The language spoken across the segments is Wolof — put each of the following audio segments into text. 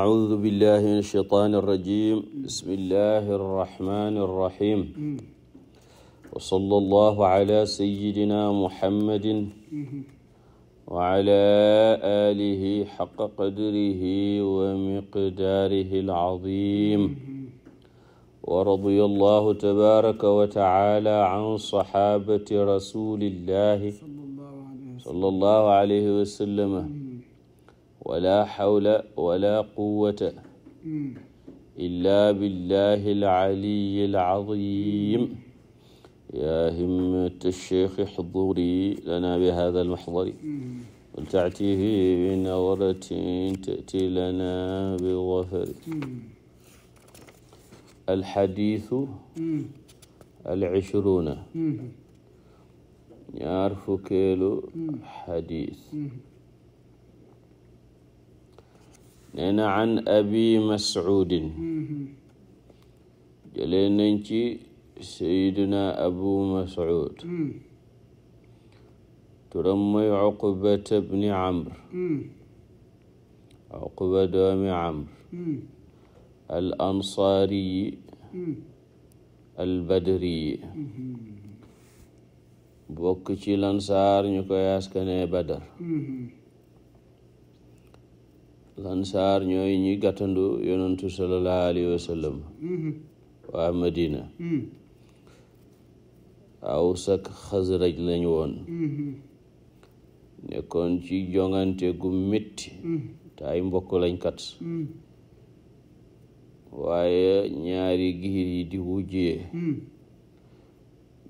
أعوذ بالله من الشيطان الرجيم بسم الله الرحمن الرحيم وصلى الله على سيدنا محمد وعلى آله حق قدره ومقداره العظيم ورضي الله تبارك وتعالى عن صحابة رسول الله صلى الله عليه وسلم wala xawla wala quwwata illa billahi alcaliyi alcazim ya himmat alcheikh ixduri lana bi hada almaxdari waltactihi binawratin tati lana bigafari alxadiisu alcishruuna ñaar fukkeelu xadiis nee na an abi mas'udin jëlee nañ ci sayyidina abu mas'ud turam mooy uqbata bni amr uqba doomi amr al ansaari al badri bokk ci lansaar ñu koy askane badar lansaar ñooy ñuy gàttandu yonantu sallallahu alayhi wa sallam waa madina aw sak xasraj lañ woon nekkoon ci jongante gu métti te ay mbokk lañ kat waaye ñaari giir yi di wujjee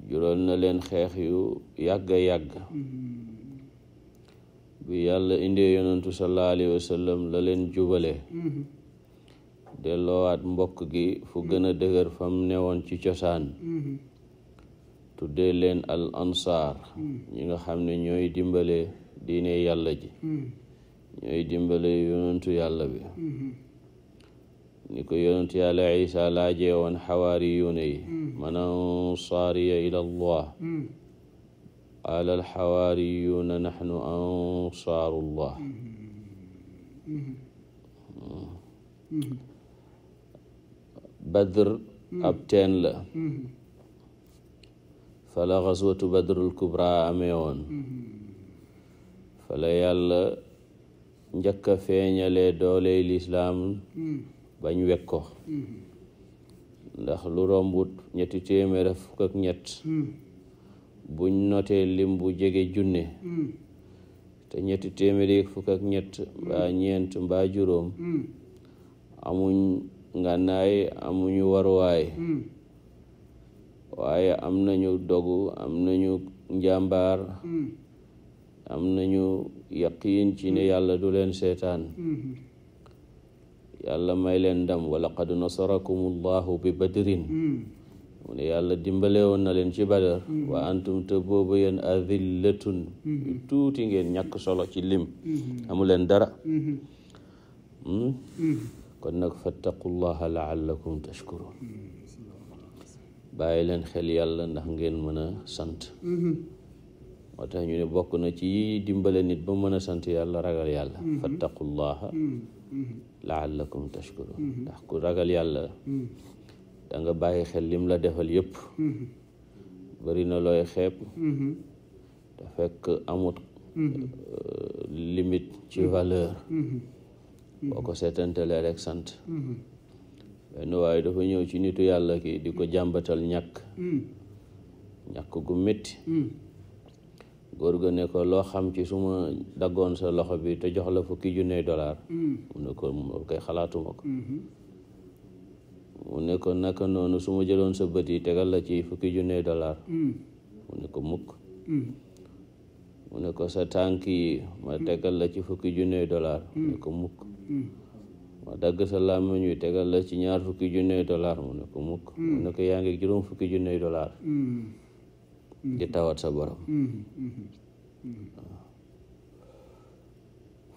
juróon na leen xeex yu yàgga yàgg bi yàlla indee yonantu sallallahu alayhi wa jubale delloowaat mbokk gi fu gën a dëgër fam newoon ci cosaan tuddee leen al ansaar ñi nga xam ne ñooy dimbale diine yàlla ji ñooy dimbale yonantu yàlla bi ni ko yonantu yàlla isa laajee woon xawaari yuune yi man ansaariya ila qaala alxawaariyuuna naxnu ansaarullah badr ab teen la fala xaswatu badrul kubra amee woon fala yàlla njëkk a feeñalee dooley lislaam bañ wek ko ndax lu rombut ñetti téeméer fukk ak ñett buñ notee lim bu jege junne mm. te ñetti téeméeri fukk ak ñett mbaa mm. ñeent mba juróom mm. amuñ ngànnaay amuñu waruwaay waaye am nañu dogu am nañu njàmbaar am nañu yaqiin ci ne yàlla du leen seetaan mm-hmm. yàlla may leen ndam wa laqad nasarakum allahu bi badrin mu yàlla dimbale woon na leen ci badar wa antum te boobu yéen azillatun tuuti ngeen ñàkk solo ci lim amu leen dara hmm? kon nag fattaqullaha laallakum tashkurun bàyyi leen xel yàlla ndax ngeen mën a sant moo tax ñu ne bokk na ci dimbale nit ba mën a sant yàlla ragal yàlla fattaqullaha laallakum tashkurun ndax ku ragal yàlla da bàyyi xel lim la defal yëpp bari na looy xeeb te fekk amut euh, limite ci valeur boo ko seetantale rek sant benn waaye dafa ñëw ci nitu yàlla ki di ko jàmbatal ñàkk ñàkk gu métti góor ga ne ko loo xam ci suma ma daggoon sa loxo bi te jox la fukki junne dollar mu ne ko moom koy xalaatuma ko ne ko naka noonu su ma jëloon sa bët yi tegal la ci fukki junne dollar mm. mu ko mukk mm. mu ko sa tànk yi ma mm. tegal la ci fukki junne dollar mu ko mukk ma dagg sa làmmiñ wi la ci ñaar fukki junne dollar mu ne ko mukk yaa ngi juróom fukki junne dollar di tawat sa borom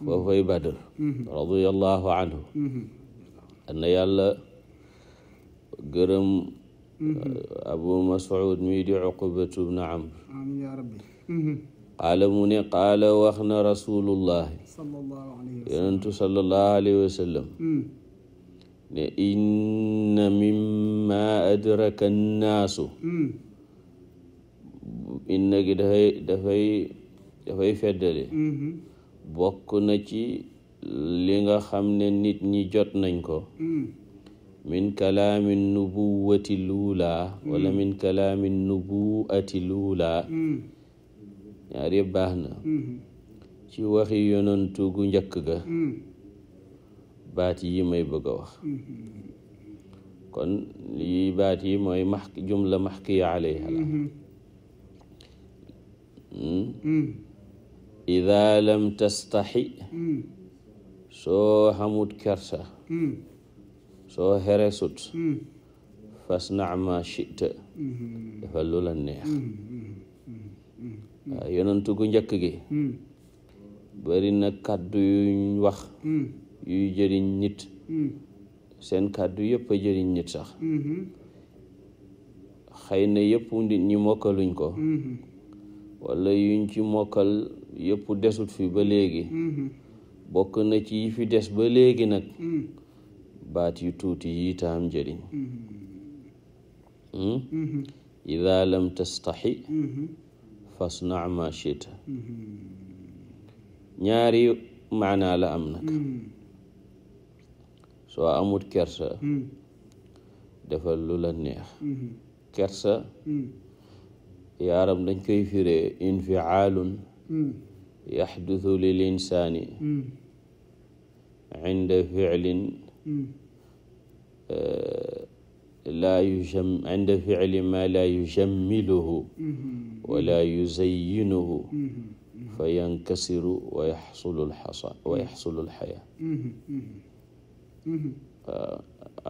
foofay Badr radiyallahu anhu anna yàlla gërëm mm-hmm. abu mas'ud mii di uqubatu bnu amr mm-hmm. qaala mu ne qaala wax na rasulullahi yonentu sallallahu alayhi wa mm. ne inna mimma adraka nnaasu mm. inna gi dafay dafay feddale mm-hmm. bokk na ci li nga xam ne nit ñi jot nañ ko mm. min kalaami nubuwati luula wala min kalaami nubuati luula ñaar yëpp baax na ci waxi yonantu gu njëkk ga baat yi may bëgg a wax kon lii baat yi mooy max jumla maxkiya alayha la ida lam tastaxi soo xamut kersa soo xere sut mm. fas naama chita mm-hmm. dafa lu la neex mm-hmm. Mm-hmm. waaw yonantu gu njëkk gi mm. bari na kàddu yuñ wax mm. yuy jëriñ nit seen kàddu yëpp a jëriñ nit sax xëy na yëpp nit ñi mokkaluñ ko wala yuñ ci mokkal yépp desut fi ba léegi bokk na ci yi fi des ba léegi nag baat yu tuuti yi taam njëriñ mm-hmm. hmm? mm-hmm. ida lam tastaxi mm-hmm. fasnaa ma chita ñaari maanaa la am nag soo amut kersa defal lu la neex kersa yaaram dañ koy firee infiaalun yaxduthu lil insaani inda ficlin laa yujam inda fiili ma laa yujammiluhu wala yuzayyinuhu fa yankasiru wa yaxsulu alxasa wa yaxsulu alxaya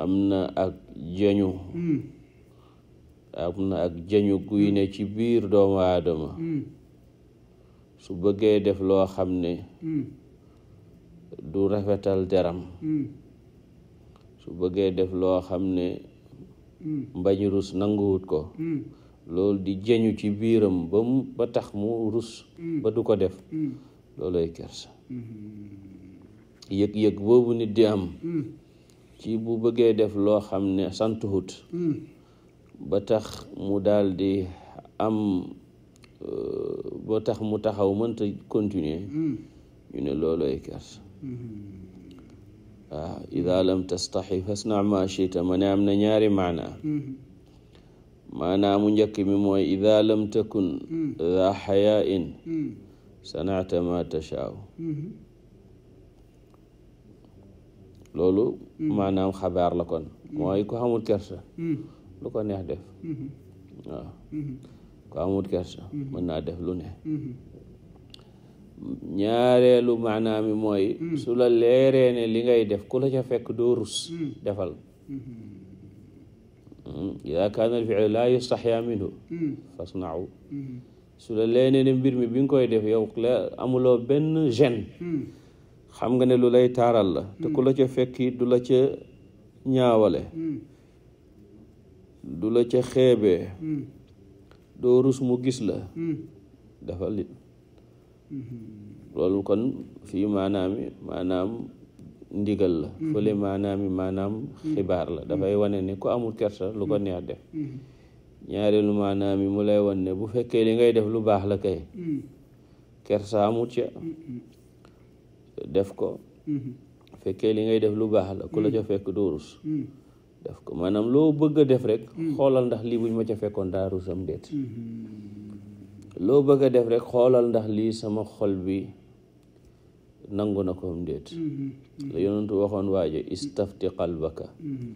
am na ak jañu am na ak jañu guy ne ci biir doomu aadama su bëggee def loo xam ne du rafetal deram su bëggee def loo xam ne mbañ rus nanguwut ko loolu di jeñu ci biiram ba mu ba tax mu rus ba du ko def loolay kersa yëg-yëg boobu nit di am ci bu bëggee def loo xam ne sant santuwut ba tax mu daldi di am ba tax mu taxaw mënta continuer mm. ñu ne loolooy kersa waaw ah, ida lam tastaxi fasna ma chita ma ne am na ñaari maana mm-hmm. maanaa mu njëkk mi mooy ida lam takun mm-hmm. daa xayaain mm-hmm. sanata ma tachaaw loolu maanaam xabaar la kon mooy ku xamul kersa lu ko neex def waaw ku xamul kersa naa def lu ne ñaareelu maanaa mi mooy hmm. su la leeree ne li ngay def ku la ca fekk doo rus hmm. defal hmm. ida kaana alfilu laa yustaxyaa minhu fasnau su la leeree ne mbir mi bi nga koy def yow la amuloo benn gêne xam nga ne lu lay taaral la te ku la ca fekk du la ca ñaawale du la ca xeebee doo rus mu gis la defal it loolu kon fii maanaami maanaam ndigal la mm-hmm. fële maanaami maanaam mm-hmm. xibaar la dafay mm-hmm. wane ne ku amul kersa lu ko neex def ñaareelu yi mu lay wan ne bu fekkee li ngay def lu baax la kay kersa amut ca def ko fekkee li ngay def lu baax la ku la ca fekk doo rus def ko maanaam loo bëgg a def rek xoolal ndax lii buñ ma ca fekkoon daa rusam déet loo bëgg a def rek xoolal ndax lii sama xol bi nangu na ko déet mm-hmm. la yonentu waxoon waaje istafti qalbaka mm-hmm.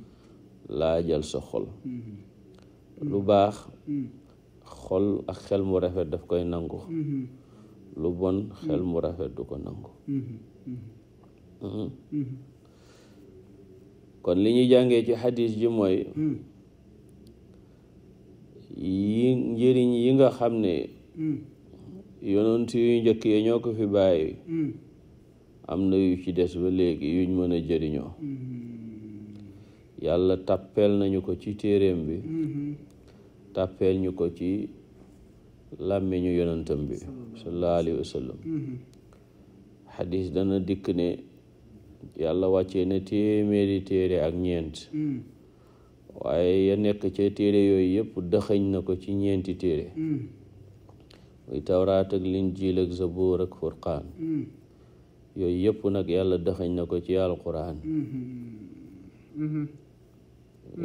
laajal sa xol mm-hmm. lu baax xol ak xel mu rafet daf koy nangu lu bon xel mu rafet du ko nangu kon li ñuy jàngee ci xadis ji mooy mm. yi njëriñ yi nga xam ne Mm. yonent yu njëkk yi ñoo ko fi bàyyi mm. am na yu ci des ba léegi yuñ mën a jëriñoo mm. yàlla tàppeel nañu ko ci téereem bi mm-hmm. tàppeel ñu ko ci làmmiñu yonentam bi sallallahu alayhi wa sallam mm-hmm. xadis dana dikk ne yàlla wàcce na téeméeri téere ak ñeent waaye ya nekk ca téere yooyu yëpp dëxëñ na ko ci ñeenti téere muy tawraat ak linjiil ak zabuur ak furqaan mm. yooyu yëpp nag yàlla dëxañ na ko ci alquran mm-hmm. mm-hmm. mm-hmm.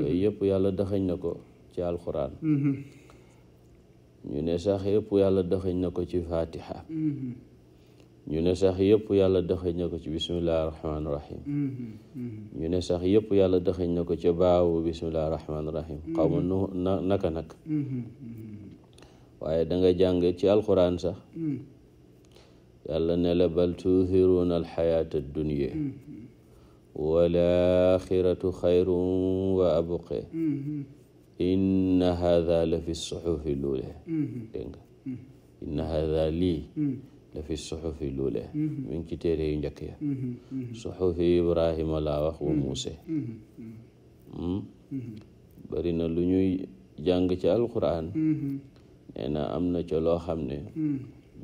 yooyu yëpp yàlla dëxañ na ko ci alquran ñu ne sax yëpp yàlla dëxañ na ko ci fatiha ñu ne sax yëpp yàlla dëxañ na ko ci bismillahi rahmaani rahim ñu ne sax yëpp yàlla dëxañ na ko ci baawu bismillahi naka waaye danga nga jàng ci alquran sax hmm. yàlla ne la bal tuuthiruuna alxayaata addunya hmm, hmm. walaaxiratu xayrun wa abqe inna haada la fi suxufi luule dégg nga inna haada la fi suxufi luule mi ci téere yu njëkk ya suxufi ibrahima laa wa muuse bari lu ñuy jàng ci alquran nee na am na ca loo xam ne mu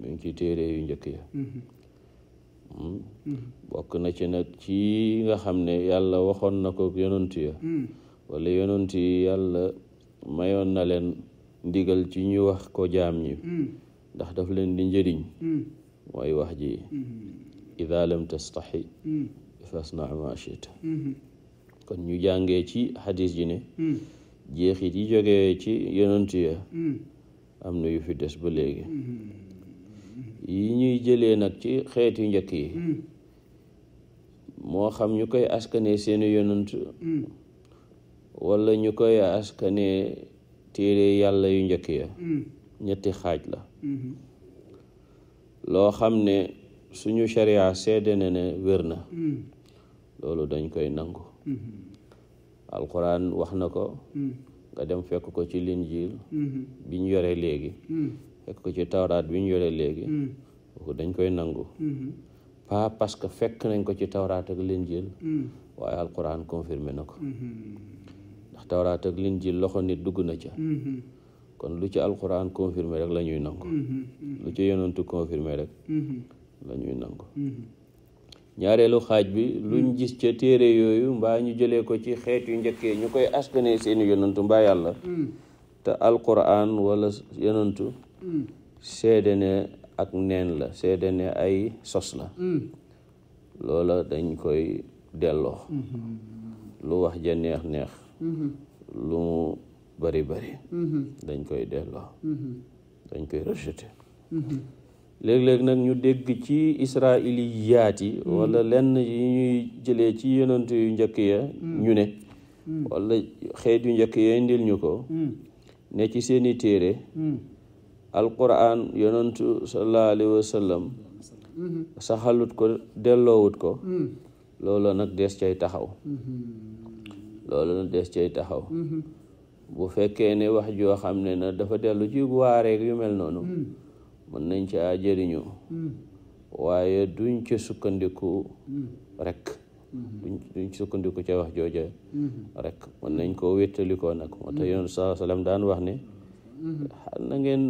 hmm. ci téere yu njëkk ya hmm. Hmm. bokk na ci nag ci nga xam ne yàlla waxoon na ko yonent ya walla yonent yi yàlla mayoon na leen ndigal ci ñuy wax ko jaam ñi ndax daf leen di njëriñ mooy wax ji ida lam fas fasna ma kon ñu jànge ci xadis ji ne jeexit yi jógee ci yonent ya am na yu fi des ba léegi yi ñuy jëlee nag ci xeeti njëkk yi moo xam ñu koy askanee seeni yonant wala ñu koy askane téere yàlla yu njëkk ya ñetti xaaj la loo xam ne suñu sharia seede na ne wér na loolu dañ koy nangu alquran wax na ko nga dem fekk ko ci linjiil mm-hmm. bi ñu yore léegi mm-hmm. fekk ko ci tawraat bi ñu yore léegi mm-hmm. kooku dañ koy nangu pas parce que fekk nañ ko ci tawraat ak linjiil waaye alquran confirmé na ko ndax tawraat ak linjiil loxo nit dugg na ca kon lu ci alquran confirmé rek la ñuy nangu lu ci yonantu confirmé rek la nangu ñaareelu xaaj bi luñ gis ca téere yooyu mbaa ñu jëlee ko ci xeet yu njëkkee ñu koy askane seeni yonantu mbaa yàlla mm. te alquran wala yonantu mm. seede ne ak neen la seede ne ay sos la mm. loola dañ koy delloo mm-hmm. lu wax ja neex neex mm-hmm. lu mu bari bari mm-hmm. dañ koy delloo dañ koy rejeté léeg-léeg nag ñu dégg ci israiliyaat yi hmm. walla lenn yi ñuy jëlee ci yonent yu njëkk ya hmm. ñu ne hmm. wala xeetu njëkk ya indil ñu ko ne ci seeni téere alquran yonentu sallallahu alayhi wa sallam saxalut ko delloowut ko loolu nag des cay taxaw loolu nag des cay taxaw bu fekkee ne wax joo xam ne na dafa dellu ci waareeg yu mel noonu mën nañ caa jëriñu hmm. waaye duñ ca sukkandiku hmm. rek hmm. duñ duñ sukkandiku ca wax jooja rek mën nañ ko wéttalikoo nag moo tax yonent saa daan wax ne na ngeen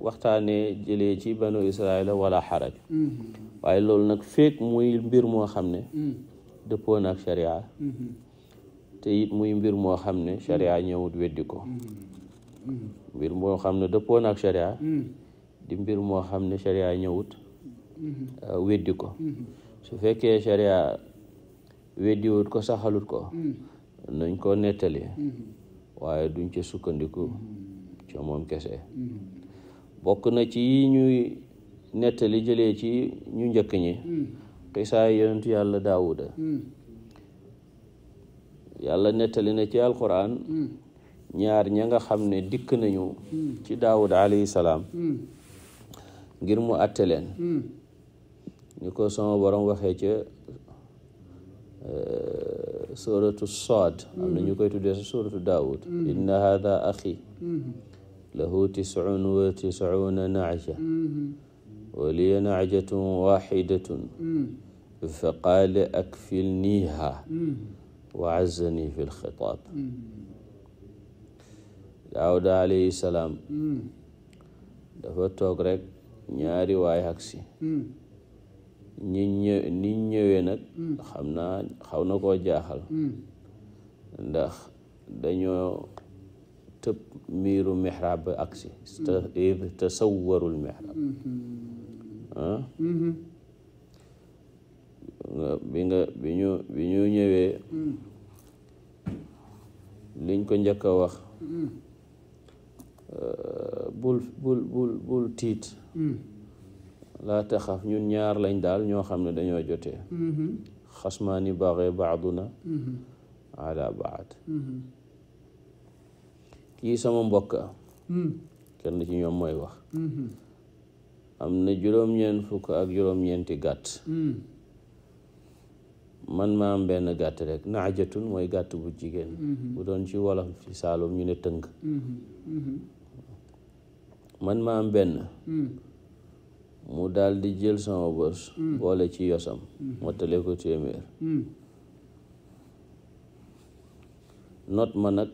waxtaanee jëlee ci banu israila wala xaraj waaye loolu nag feek muy mbir moo xam ne dëppoo naag sharia te it muy mbir moo xam ne sharia ñëwut weddi ko mbir moo xam ne dëppoo naag sharia di mbir moo xam ne sharia ñëwut mhm. euh, weddi ko mhm. su fekkee sharia weddiwut ko saxalut ko mhm. nañ ko nettali waaye duñ ca sukkandiku ca moom kese bokk na ci ñuy nettali jëlee ci ñu njëkk ñi xisaay yonentu yàlla daawuda yàlla nettali na ci alquran ñaar ña nga xam ne dikk nañu ci daawuda alayhi salaam ngir mu àtte leen hmm. ni ko sama borom waxee ca eh, suratu Saad am na ñu hmm. koy tuddee sa suratu Daawud hmm. inna haada axi lahu tiscun wa tiscuuna nacja wa liya nacjatun waxidatun fa qaala akfilniha wa azzani fi lxitaab Daawud alayhi salaam dafa toog rek ñaari waay aksi hmm. ni ñëwee nag hmm. xam naa xaw na koo jaaxal hmm. ndax dañoo tëb miiru mihraab aksi tasawwarul mihraab ah bi nga bi ñu ñëwee liñ ko njëkk a wax Euh, bul bul bul bul tiit hmm. laa taxaf ñun ñaar lañ daal ñoo xam ne dañoo jotee hmm. xasmaani baxee baaduna hmm. ala baad kii sama mbokk ci ñoom mooy wax am na juróom-ñeent fukk ak juróom-ñeenti gàtt man ma benn gàtt rek naajatun mooy gàtt bu jigéen bu doon ci wolof ci saalum ñu ne tënk man ma am benn hmm. mu daal jël sama bos hmm. boole ci yosam mottale hmm. ko téeméer not ma nag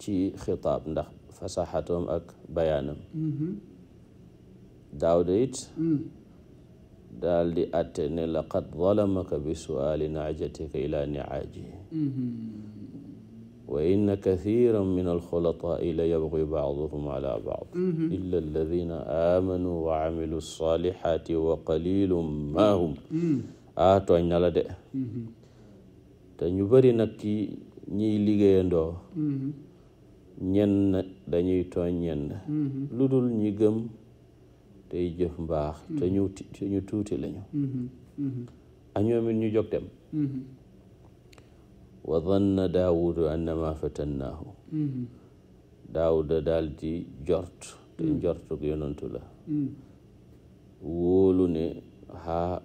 ci xitaab ndax fasaxatoom ak bayaanam daawda it daal di àtte ne laqad bi suaali naajatika ila niaaji wa inna kathiran min alxulataai la yabgi baaduhum ala baad illa alladina aamanu wa amilu salihaati wa qalilum ma hum ah tooñ na la de te ñu bari nag ci ñiy liggéeyandoo ñenn dañuy tooñ ñenn lu dul ñi gëm tey jëf mbaax te ñu tuuti lañu añoomit ah, ñu jóg dem wa danna daawudu annama fatannaahu mm-hmm. daawuda daal di jort te njortuk mm. yonantu la mm. wóolu ne xaa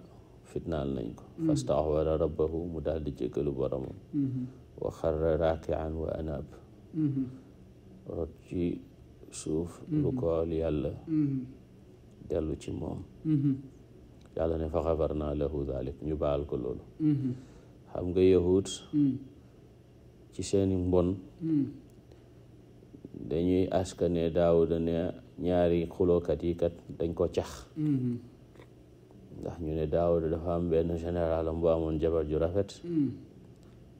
fitnaal nañ ko mm. fastaxwara rabbahu mu daal di jéggalu boromam mm-hmm. wa xarra raakian wa anaab mm-hmm. rot ci suuf lu kool yàlla ci moom yàlla ne fa xafarnaa lahu dalik ñu baal ko loolu xam nga yahud hmm. ci seeni mbon hmm. dañuy askane daawuda ne ñaari xulookat yi kat dañ ko cax hmm. ndax ñu ne daawuda dafa am benn général am bu amoon jabar ju rafet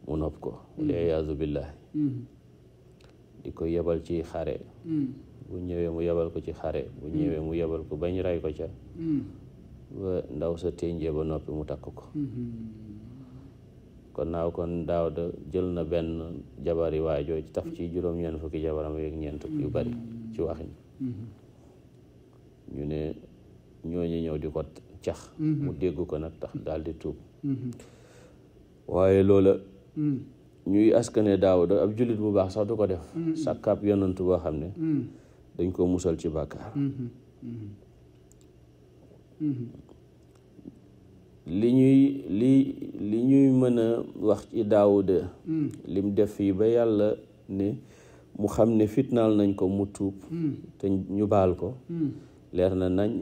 mu nopp ko wal iyaazu di ko yebal ci xare bu ñëwee mu yebal ko ci xare bu ñëwee mu yebal ko bañ ray ko ca ndaw sa ténjee ba noppi mu takk ko kon naaw kon daaw daawda jël na benn jabar jabari waajoo ci taf ci juróom-ñeent fukki jabaram yeeg ñeent yu bari ci waxin mm-hmm. ñu ne ñooñu ñëw di ko cax mm-hmm. mu dégg ko nag tax daal di tuub mm-hmm. waaye loola mm. ñuy askane daawda ab jullit bu baax sax du ko def sàkkaab yonantu boo xam ne mm. dañ ko musal ci bàkkaar li ñuy wax ci daawuda hmm. lim def fii ba yàlla ne mu xam ne fitnaal nañ ko mu tuub hmm. te ñu baal ko hmm. leer na nañ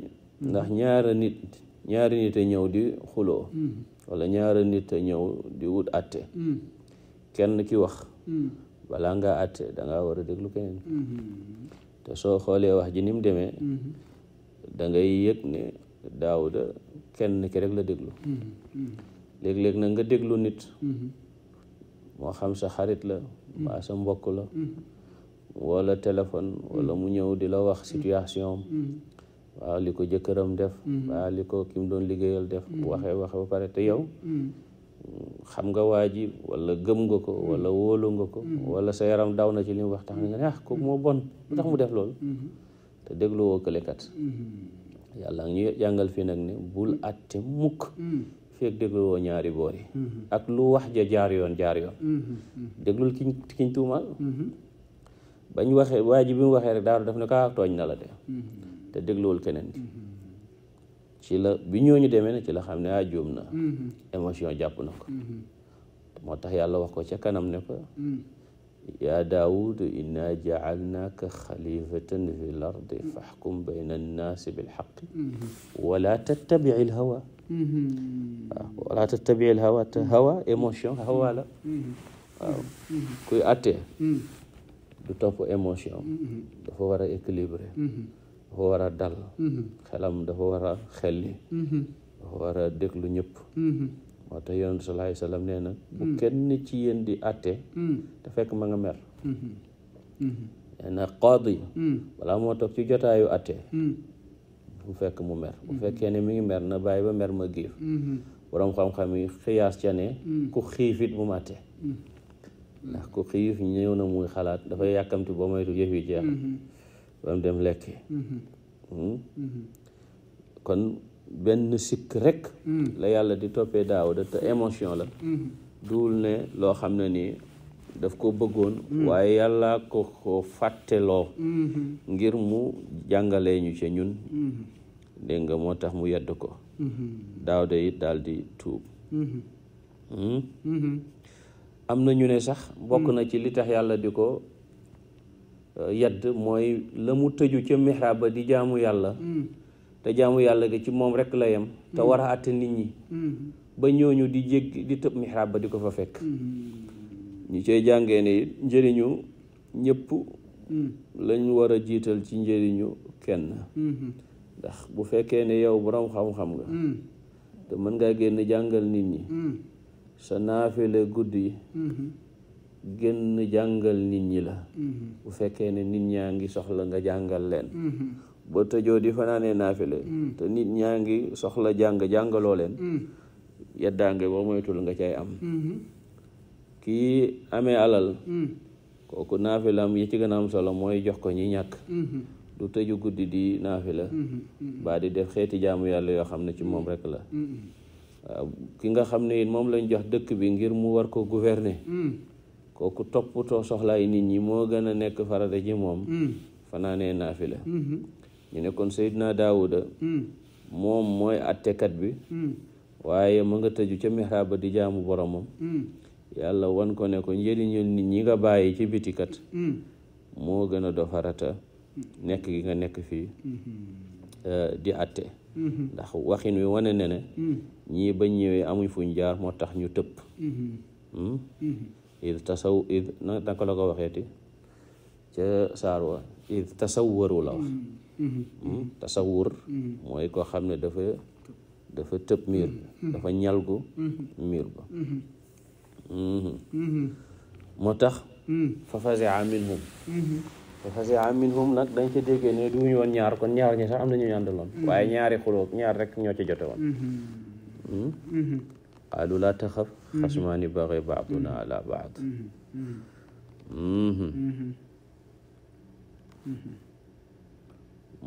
ndax ñaara nit ñaari nit a ñëw di xuloo wala ñaara nit a ñëw di wut atte kenn ki wax balaa ngaa atte dangaa war a déglu keneen te soo xoolee wax ji ni demee dangay ngay yëg ne daawuda kenn ki rek la déglu léeg-léeg nag nga déglu nit mhm. moo xam sa xarit la mhm. mbaa sa mbokk la mhm. walla téléphone wala mu ñëw di la wax situation waaw li ko jëkkëram def waaw li ko kim doon liggéeyal def bu waxee waxe ba pare te yow xam nga waa ji wala gëm nga ko walla wóolu nga ko walla sa yaram daw na ci li mu wax tax nga ne ah kooku moo bon lu tax mu def loolu te déglu woo këlekat yàlla ngi jàngal fii nag ne bul atte mukk feeg déglu ñaari boor mm-hmm. ak lu wax ja jaar yoon jaar yoon mm-hmm. déglul kiñ tuumaal mm-hmm. bañ waxee waa ji bi mu waxee rek daaru daf ne kaa ah, tooñ na la de te dégluwul keneen ki ci la bi ñooñu demee na ci la xam ne a ah, juum na émotion jàpp na ko tax yàlla wax ko ca kanam ne ko yaa daawud inna jacalnaaka xalifatan fi l ardi faxkum bayna annaasi bilxaqi wala tattabici l hawa waaw mm-hmm. ah, wala tattabi al hawa te hawa émotion hawa la mm-hmm. Ah, mm-hmm. kuy attee du topp émotion dafa war a équilibré dafa war a dal xelam dafa war a xelli dafa war a déglu ñëpp moo tax yoon salaay salaam nee bu kenn ci yéen di atte te fekk ma nga qaadi balaa moo toog ci jotaayu atte bu fekk mu mer bu mhm. fekkee ne mi ngi mer na bàyyi ba mer ma giif mhm. boroom xam-xam yi xiyaas ca ne mhm. ku xiif it mu màtte ndax ku xiif ñëw na muy xalaat dafay yàkkamti boo moytu yëf yi jeex ba mu dem lekki hmm? kon benn sikk rek la yàlla di toppee daawuda te émotion la duul ne loo xam ne nii daf ko bëggoon waaye yàlla ko ko fàtteloo ngir mu jàngalee ñu ca ñun dégg nga moo tax mu yedd ko mm-hmm. daaw de it daal tuub mm-hmm. Hmm? Mm-hmm. am na ñu ne sax bokk na mm. ci li tax yàlla di ko euh, yedd mooy la mu tëju ca mihraab ba di jaamu yàlla mm. te jaamu yàlla gi ci moom rekk la yem te mm. war a àtte nit ñi ba ñooñu di jéggi di tëb mihraab ba di ko fa fekk ñu cey jàngee ne njëriñu ñëpp lañu war a jiital ci njëriñu kenn ndax bu fekkee ne yow borom xam-xam nga mm. te mën ngaa génn jàngal nit ñi mm. sa naafile guddi mm-hmm. génn jàngal nit ñi la mm-hmm. bu fekkee ne nit ñaa ngi soxla nga jàngal leen mm-hmm. ba tëjoo di fanaanee naafile mm. te nit ñaa ngi soxla jàng jàngaloo leen yeddaange boo moytul nga cay am kii amee alal kooku naafilam yi ci gën a am solo mooy jox ko ñi ñàkk du tëju guddi di naafila mm-hmm. baa di def xeeti jaamu yàlla yoo xam ne ci moom rek la mm-hmm. waaw ki nga xam ne it moom lañ jox dëkk bi ngir mu war ko gouverner mm. kooku toppatoo soxlaay nit ñi moo gën a nekk farata ci moom mm. fanaanee la mm-hmm. ñu ne kon Seydina Daawuda mm. moom mooy attekat bi waaye ma nga tëju ca mihraab di jaamu boromam yàlla wan ko ne ko njëriñul nit ñi nga bàyyi ci bitikat moo gën a do farata nekk gi nga nekk fii mm-hmm. euh, di atte mm-hmm. ndax waxin wi wane ne ne mm-hmm. ñii bañ ñëwee amuñ fuñ jaar moo tax ñu tëpp hmm? id tasaw id naka la ko waxeeti ca saar wa id tasawwaru la wax hmm? tasawur mooy koo xam ne dafa dafa tëb miir bi dafa ñalgu miir ba hmm. moo tax fa fasia minhum fasia minhum nag dañ ca déggee ne du ñu woon ñaar kon ñaar ñi sax am na mm-hmm. rek ñoo ci jote woon mm-hmm. Mm-hmm. qaalu laa taxaf xasmaani baxi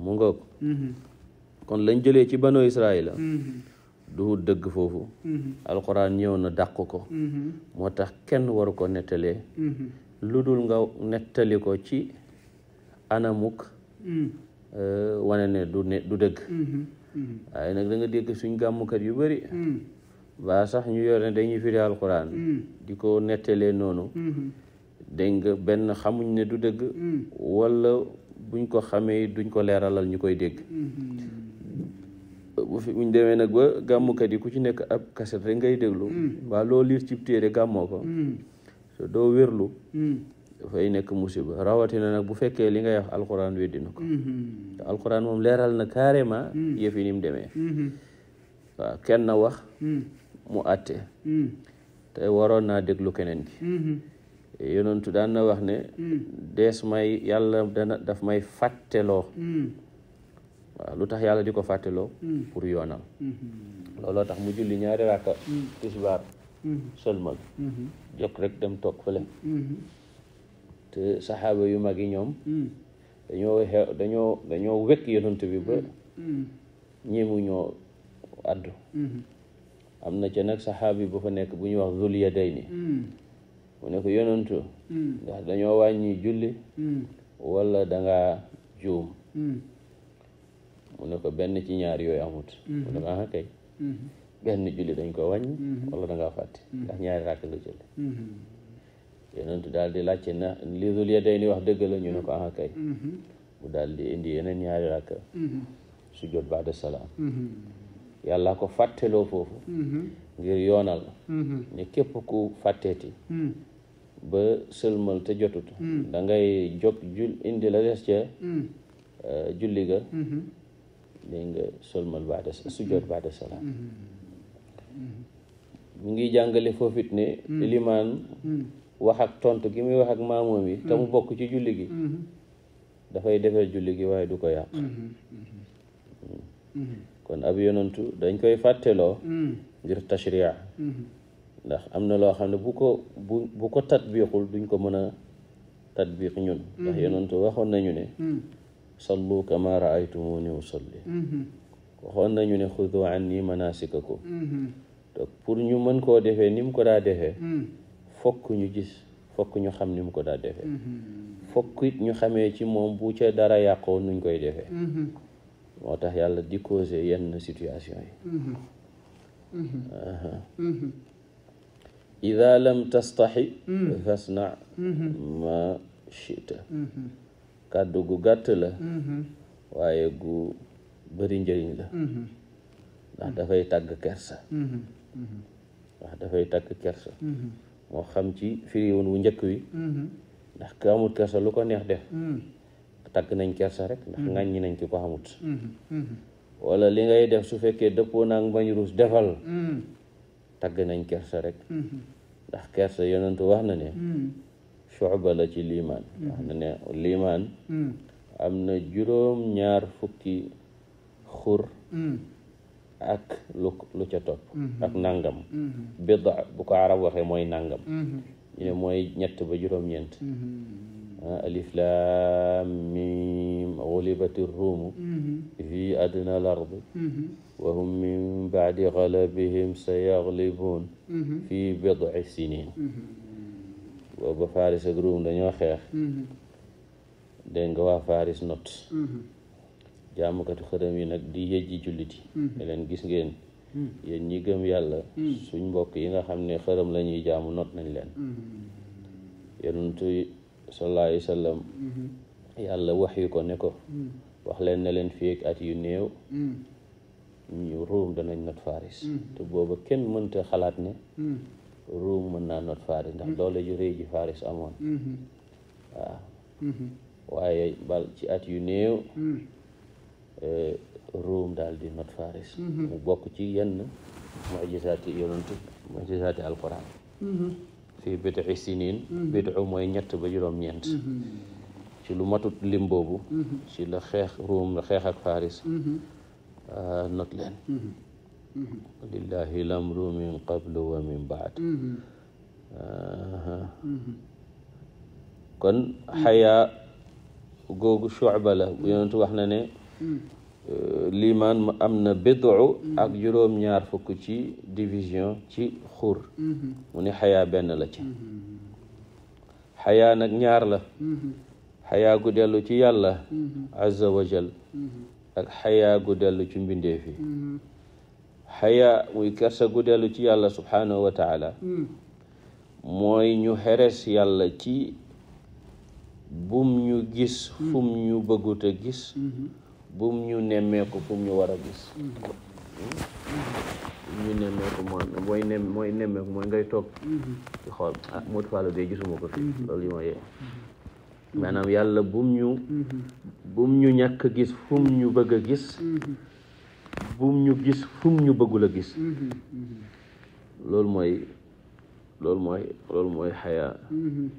mu ngoog kon lañ jëlee ci banu israila du dëgg foofu alquran ñëw na dàq ko moo tax kenn waru ko nettalee lu dul nga nettali ko ci anamuk hmm. euh, wane ne du ne du dëgg hmm, hmm, waaye nag danga dégg suñ gàmmukat yu bari ba sax ñu yor ne dañuy firi alquran di ko nettalee noonu dégg nga benn xamuñ ne du dëgg wala buñ ko xamee duñ ko leeralal ñu koy dégg bu fi buñ demee nag ba gàmmukat yi ku ci nekk ab kaset rek ngay déglu waa loo liir cib téere gàmmoo ko so doo wérlu dafay nekk musiba rawatina nag bu fekkee li ngay wax alquran weddi na ko mhm. te moom leeral na carrément mhm. yëf yi ni mu demee mhm. kenn na wax mu àtte te waroon naa déglu keneen ki yonentu daan na wax ne dees may yàlla dana daf may fàtteloo waaw lu tax yàlla di ko fàtteloo pour yoonam looloo tax mu julli ñaari ràkka tisbaar sëlmal jokk rek dem toog fële te saxaaba yu mag yi ñoom mm. dañoo dañoo dañoo wekk yonent bi ba mm. mm. ñéemu ñoo addu mm-hmm. am na ca nag saxaabi bu fa nekk bu ñuy wax Zul Yadayni mu ne ko yonentu dañoo wàññi julli wala dangaa juum mu ne ko benn ci ñaar yooyu amut mu ne ko mm-hmm. ah mm-hmm. benn julli dañ ko wàññi wala dangaa fàtte ndax ñaari ràkk la julli yonent daal di laajte na li dul yadayni wax dëgg la ñu ne ko ah kay mm-hmm. mu daal di indi yeneen ñaari rakk mm-hmm. sujjóot ba'da salaam mm-hmm. yàlla ko fàtteloo foofu ngir yoonal ne képp ku fàtteeti mm. ba sëlmal te jotut mm. da ngay indi la des ca mm. euh, julli ga dégg nga sëlmal ba'da sujjóot mu ngi jàngale foofit ne limaan wax ak tont gi muy wax ak maamoom yi te mm-hmm. bokk ci julli gi mm-hmm. dafay defee julli gi waaye du ko yàq mm-hmm. kon ab yonantu dañ koy fàtteloo ngir tashriya ndax am na loo xam ne bu ko bu bu ko tatbiqul duñ ko mën a tatbiq ñun ndax yonantu waxoon nañu ne sallu kama raaytumuni usalli waxoon nañu ne xudu anni manasikakum donc pour ñu mën koo defee ni mu ko daa defee fokk ñu gis fokk ñu xam ni mu ko daal defee mm-hmm. fokk ñu xamee ci moom bu ca dara yàqoo nuñ koy defee mm-hmm. moo tax yàlla di causer yenn situation yi mm-hmm. uh-huh. ida lam tastaxi mm. fasna ma chita kàddu gu gàtt la waaye gu bëri njëriñ la ndax dafay tàgg kersa ndax dafay tàgg kersa moo xam ci firiwun wu njëkk wi mm-hmm. ndax ku kersa lu ko neex def mm. tàgg nañ kersa rek ndax mm-hmm. ŋàññi nañ ki ko amut mm-hmm. wala li ngay def su fekkee dëppoo naa bañ ruus defal mm. tàgg nañ kersa rek ndax kersa yonentu wax na ne mm. shu'ba la ci liimaan wax na ne liimaan am na juróom ñaar fukki xur ak lu lu ca topp mm-hmm. ak nàngam mm-hmm. bida bu ko arab waxee mooy nàngam mm-hmm. ñu ne mooy ñett ba juróom-ñeent ah, alif laam miim gulibati ruumu fi adna al ard wa hum min bacdi galabihim sa yaglibuun fi bidci sinin booba faris ak ruum dañoo xeex dégg nga waa faris not jaamukatu xërëm yi nag di yëjji jullit yi mm-hmm. ne leen gis ngeen mm-hmm. yéen ñi gëm yàlla mm-hmm. suñ mbokk yi nga xam ne xërëm lañuy jàmm not nañ leen yonentu sallallahu alayhi wa yàlla wax yu ko ne ko wax leen ne leen fii at yu néew ñu ruum danañ not faris te booba kenn mënta xalaat ne ruum mën naa not faris ndax doole ju rëy ji amoon waaye bal ci at yu néew Euh, ruum daal di not faris mhm. mu bokk ci yenn mujizaati yonantu mujizaati alquran mhm. fii bid'i sinin mhm. bid'u mooy ñett ba juróom-ñeent ci lu matut lim boobu ci la xeex ruum la xeex ak faris euh, not leen lillahi lamru min qablu wa min baad kon xayaa googu shucba la bu yonantu wax na ne Euh, limaan am na bidu ak juróom-ñaar fukk ci division ci xur mu ni xayaa benn la ci xayaa nag ñaar la xayaa gu ci yàlla azza wa ak xayaa gu ci mbindeef yi xayaa muy kersa gu dellu ci yàlla subhaanahu wa taala mooy ñu xeres yàlla ci bum ñu gis fum ñu bëggut gis bum ñu nemmeeku fu ñu war a gis mm-hmm. ñu nemmeeku moo mooy nem mooy mooy ngay toog ci mm-hmm. xool ah Modou Fallo de gisuma ko fi mm-hmm. loolu yàlla bum ñu bum ñu ñàkk gis fum ñu bëgg a gis bum ñu ñu bëggul a gis mooy loolu mooy loolu mooy xayaa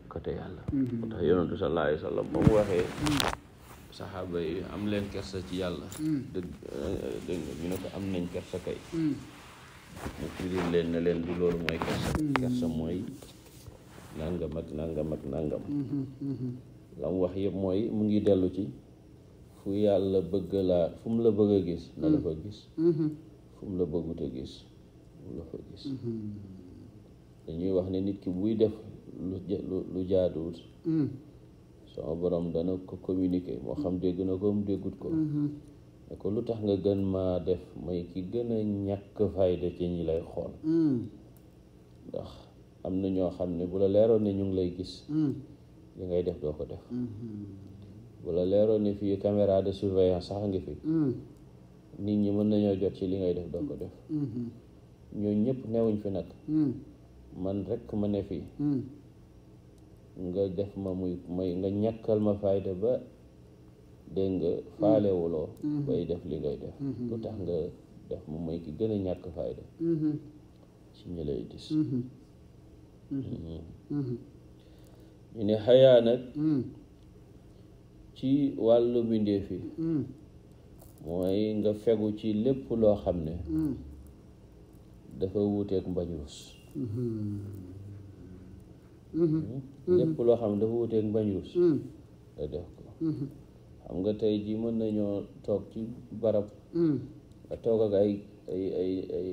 côté yàlla moo tax yonentu sallallahu alayhi wa sallam waxee saxaaba yi am leen kersa ci yàlla hmm. dëgg eh, dëgg ne ko am nañ kersa kay mu hmm. firil leen ne leen du loolu mooy kersa hmm. kersa mooy nangam ak nangam ak nangam lam wax yépp mooy mu ngi dellu ci fu yàlla bëgg laa fu mu la bëgg a gis na la fa gis fu mu la bëggut a gis mu la fa gis dañuy wax ne nit ki buy def lu jaaduwut sama boroom dana ko communiquer moo xam dégg na ko mu déggut ko mm-hmm. ne ko lu tax nga gën maa def mooy ki gën a ñàkk fayda ci ñi lay xool mm. ndax am na ñoo xam ne bu la leeroon ne ñu ngi lay gis mm. li ngay def doo ko def mm-hmm. bu la leeroon ne fii caméra de surveillance sax ngi fi mm. nit ñi mën nañoo jot ci li ngay def doo ko def mm-hmm. ñoo ñëpp newuñ fi nag man rek ma ne fii nga def ma muy may nga ñàkkal ma fayda ba dégg nga faalewuloo mm-hmm. bay def li ngay def mm-hmm. lu tax nga def ma mooy ki gën ñàkk fayda ci mm-hmm. ñu lay gis ñu ne xayaa ci wàllu mbindéef yi mooy nga fegu ci lépp loo xam ne dafa wuuteeg mbañuus hmm? Mm-hmm. lépp loo xam ne dafa wuteeg mbañ mm-hmm. nga def ko mm-hmm. xam nga tey jii mën nañoo toog ci barab nga toog ak ay ay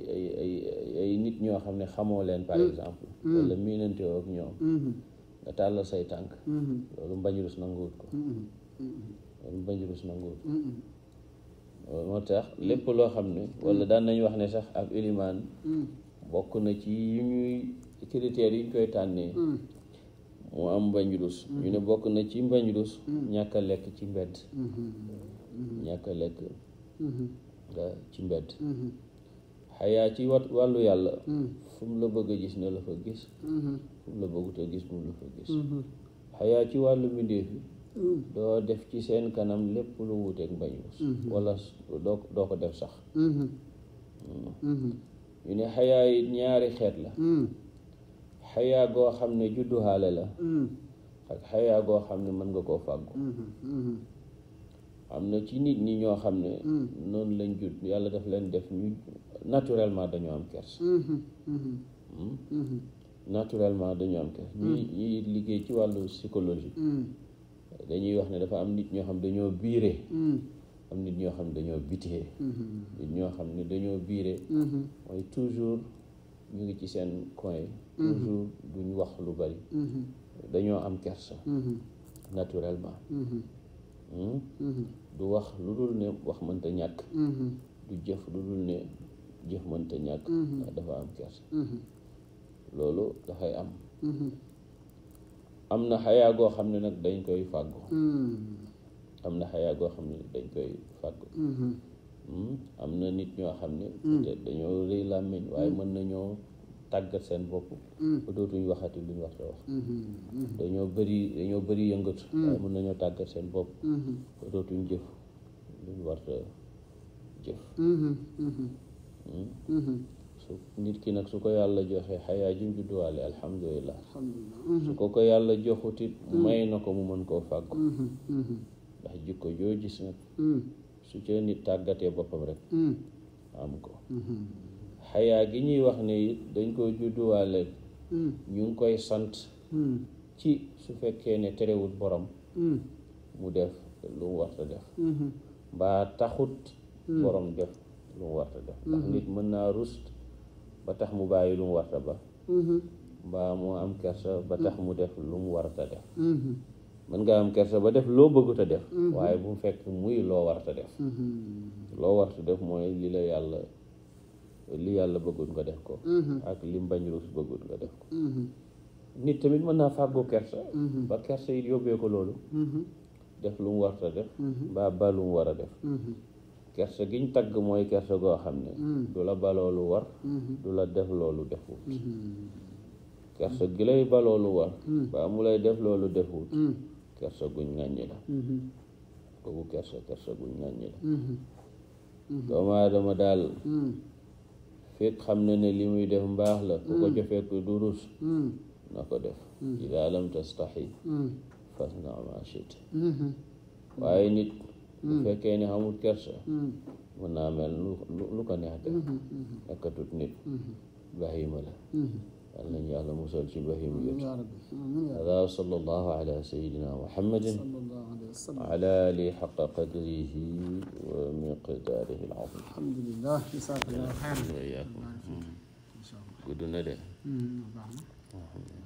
ay ay nit ñoo xam ne xamoo leen par exemple wala miinante ak ñoom nga tàllal say tànk loolu mbañ ruus nanguwut ko loolu mbañ ruus nanguwut moo tax lépp loo xam ne wala daan nañ wax ne sax ab ilimaan bokk na ci yu ñuy critères yi ñu koy tànnee mu am mbanjulus ñu ne bokk na ci mbanjulus ñàkk lekk ci mbedd ñàkk lekk ci mbedd xayaa ci wat wàllu yàlla fu la bëgg a gis ne la fa gis fu la bëggut a gis mu la fa gis xayaa ci wàllu mbindéef doo def ci seen kanam lépp lu wuuteeg mbañuus wala doo doo ko def sax mm-hmm. Mm. Mm-hmm. ñu ne xayaa yi ñaari xeet la xayaa goo xam ne juddu xaale la mm-hmm. ak xayaa goo xam ne mën nga koo fàggu mm-hmm. mm-hmm. am na ci nit ñi ñoo xam ne noonu lañ judd yàlla daf leen def ñu naturellement dañoo am kers hmm? naturellement dañoo am kers ñi ñi liggéey ci wàllu psychologie dañuy wax ne dafa am nit ñoo xam dañoo biire am nit ñoo xam dañoo bitee nit ñoo xam ne dañoo biire mooy toujours ñu ngi ci seen coin Mmh. toujours wax lu bari mmh. dañoo am kersa mmh. naturellement du wax lu dul ne wax mënta ñàkk du jëf lu dul ne jëf mënta ñàkk ndax dafa am kersa loolu dafay am am na xayaa goo xam ne nag dañ koy fàggu am na xayaa goo xam ne dañ koy fàggu am na nit ñoo xam ne dañoo rëy làmmiñ waaye mën nañoo tàggat seen bopp mm. ba dootuñ waxati lu ñu wax mm-hmm. Mm-hmm. dañoo bëri dañoo bëri yëngatu mm. waaye mën nañoo tàggat seen bopp mm-hmm. ba jëf lu ñu jëf mm. su nit ki nag su ko yàlla joxee xayaa jum judduwaale alhamdulilah su ko ko yàlla joxutit may na ko mu mën koo fàggu ndax jikko joo gis nag su ca nit tàggatee boppam rek am ko xayaa gi ñuy wax ne it dañ koy judduwaale hmm. ñu ngi koy sant hmm. ci su fekkee ne terewul borom hmm. mu def lu mu warta def mbaa taxut borom def lu mu warta def mën naa rust ba tax mu bàyyi lu mu warta ba mbaa mu am kersa ba tax mu def lu mu warta def mën nga am kersa ba def loo bëggut a def waaye bu mu fekk muy loo warta def loo warta def mooy li yàlla li yàlla bëggul nga def ko mm-hmm. ak lim bañ ruus bëggul nga def ko mm-hmm. nit tamit mën naa fàggu kersa mm-hmm. ba kersa yi yóbbee ko loolu def lu mu warta def mbaa ba mu war a def kersa giñ tagg mooy kersa goo xam ne du la la def loolu defut kersa gi lay baloo lu war baa mu lay def loolu defut kersa guñ ŋàññi la kooku kersa kersa guñ ŋàññi la doomu aadama daal fekk xam na ne li muy def mbaax la ku ko mm. jofee ko du rus mm. na ko def mm. idaa lam tastaxi fasna maa shi'ta waaye nit bu fekkee ne xamul kersa mën naa mel lu ko neex def mm-hmm. Mm-hmm. nekkatut nit mm-hmm. bahima la yàlla nañu yàlla musal ci bahim yëpp hada sallallahu ala sayidina muhammadin wa ala alihi xaqa qadrihi wa miqdaarihi al-azim alhamdulillah gudd na de